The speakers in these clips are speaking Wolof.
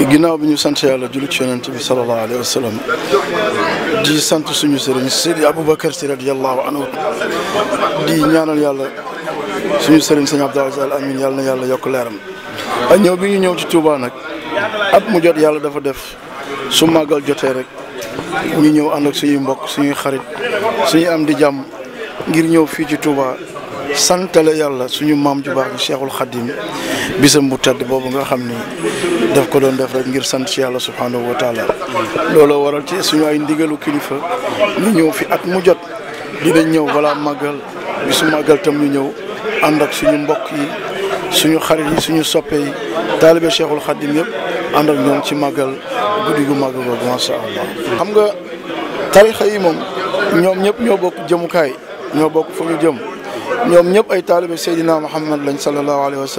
ginnaaw bi ñu sant yàlla julli ci yonent bi sallallahu sant suñu sëriñ Seydi Aboubacar Sy radiyallahu anhu di ñaanal yàlla suñu sëriñ sëñ Abdou Aziz Amin yàlla na yàlla yokk leeram ak ñëw bi ñu ñëw ci Touba nag ab mu jot yàlla dafa def su màggal jotee rek ñu ñëw ànd ak mbokk suñuy xarit suñu am di jàmm ngir ñëw fii ci tuubaa santale yàlla suñu maam ju baax bi Cheikhul Khadim bisam bu tedd boobu nga xam ni def ko doon def rek ngir sant ci yàlla subhanahu wa taala looloo waral ci suñu ay ndigalu kilifa ñu ñëw fi ak mu jot dinañ ñëw balaa màggal bi su màggal tam ñu ñëw ànd ak suñu mbokk yi suñu xarit yi suñu soppe yi taalibe Cheikhul Khadim yëpp ànd ak ñoom ci màggal guddi gu màgg googu masha Allah xam nga tarixa yi moom ñoom ñëpp ñoo bokk jëmukaay ñoo bokk fu ñu jëm ñoom ñëpp ay taalibe Seydina Muhammad lañ sallallahu alayhi wa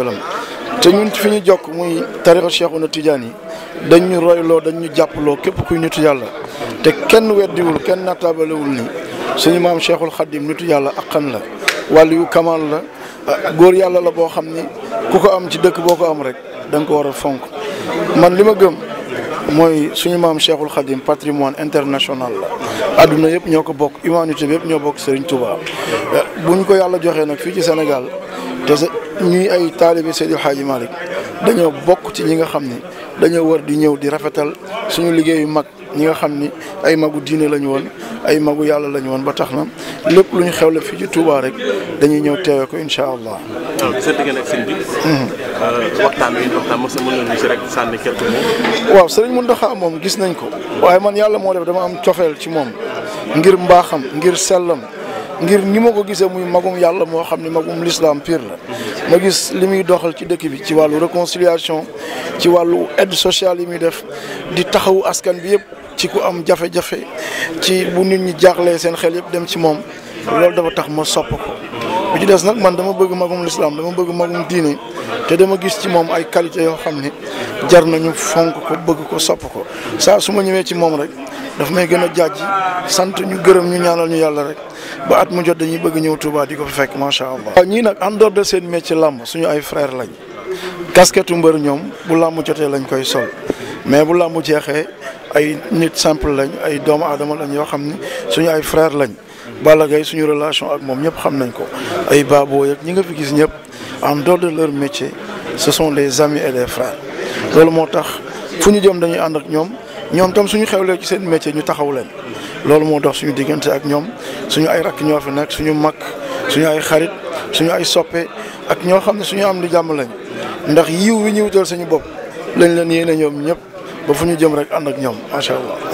te ñun fi ñu jokk muy tarixa na Tidiane yi dañ ñu royloo dañ ñu jàppaloo képp kuy nitu yàlla te kenn weddiwul kenn nattaabalewul ni suñu maam Cheikhul Khadim nitu yàlla ak xam la wàllu yu kamal la ah, góor yàlla la boo xam ni ku ko am ci dëkk boo ko am rek da ko war a fonk man li ma gëm mooy suñu maam Cheikhul Khadim patrimoine international la àdduna yëpp ñoo ko bokk humanité bi ñoo bokk seriñ Touba eh, bu ñu ko yàlla joxee nag fii ci Sénégal te ñuy ay taalibe Seydil Hadji Malick dañoo bokk ci ñi nga xam ni dañoo war di ñëw di rafetal suñu liggéeyu mag ñi nga xam ni ay magu diine lañu woon ay magu yàlla lañu woon ba tax na lépp lu ñu la fii ci Touba rek dañuy ñëw teewe ko incha allah. waaw sëriñ mhm. euh, Mountakha moom gis nañ ko. waaye man yàlla moo def dama am cofeel ci moom. ngir mbaaxam ngir sellam. ngir ni ma ko gisee muy magum yàlla moo xam ne magum l'islam pire la ma gis li muy doxal ci dëkk bi ci wàllu réconciliation ci wàllu aide sociale yi muy def di taxawu askan bi yëpp ci ku am jafe-jafe ci bu nit ñi jaaxlee seen xel yëpp dem ci moom loolu dafa tax ma sopp ko bu ci des nag man dama bëgg magum l'islam dama bëgg magum diine te dama gis ci moom ay qualité yoo xam ni jar nañu fonk ko bëgg ko sopp ko saa su ma ñëwee ci moom rek daf may gën a jaaj sant ñu gërëm ñu ñaanal ñu yàlla rek ba at mu jot dañuy bëgg ñëw Touba di ko fa fekk macha allah. waaw ñii nag en dehors de seen métier làmb suñu ay frère lañ casquette mbër ñoom bu làmb jotee lañ koy sol mais bu làmb jeexee ay nit simple lañ ay doomu aadama lañ yoo xam ne suñu ay frère lañ. Balla Gaye suñu relation ak moom ñëpp xam nañ ko ay baaboo yeeg ñi nga fi gis ñëpp en dehors de leur métier ce sont des amis et des frères. loolu moo tax fu ñu jëm dañuy ànd ak ñoom ñoom tam suñu xewlee ci seen métier ñu taxaw leen loolu moo dox suñu diggante ak ñoom suñu ay rakk ñoo fi nekk suñu mag suñu ay xarit suñu ay soppee ak ñoo xam ne suñu am di jàmm lañ ndax yiw wi ñu wutal suñu bopp lañ leen yéene ñoom ñëpp ba fu ñu jëm rek ànd ak ñoom macha allah.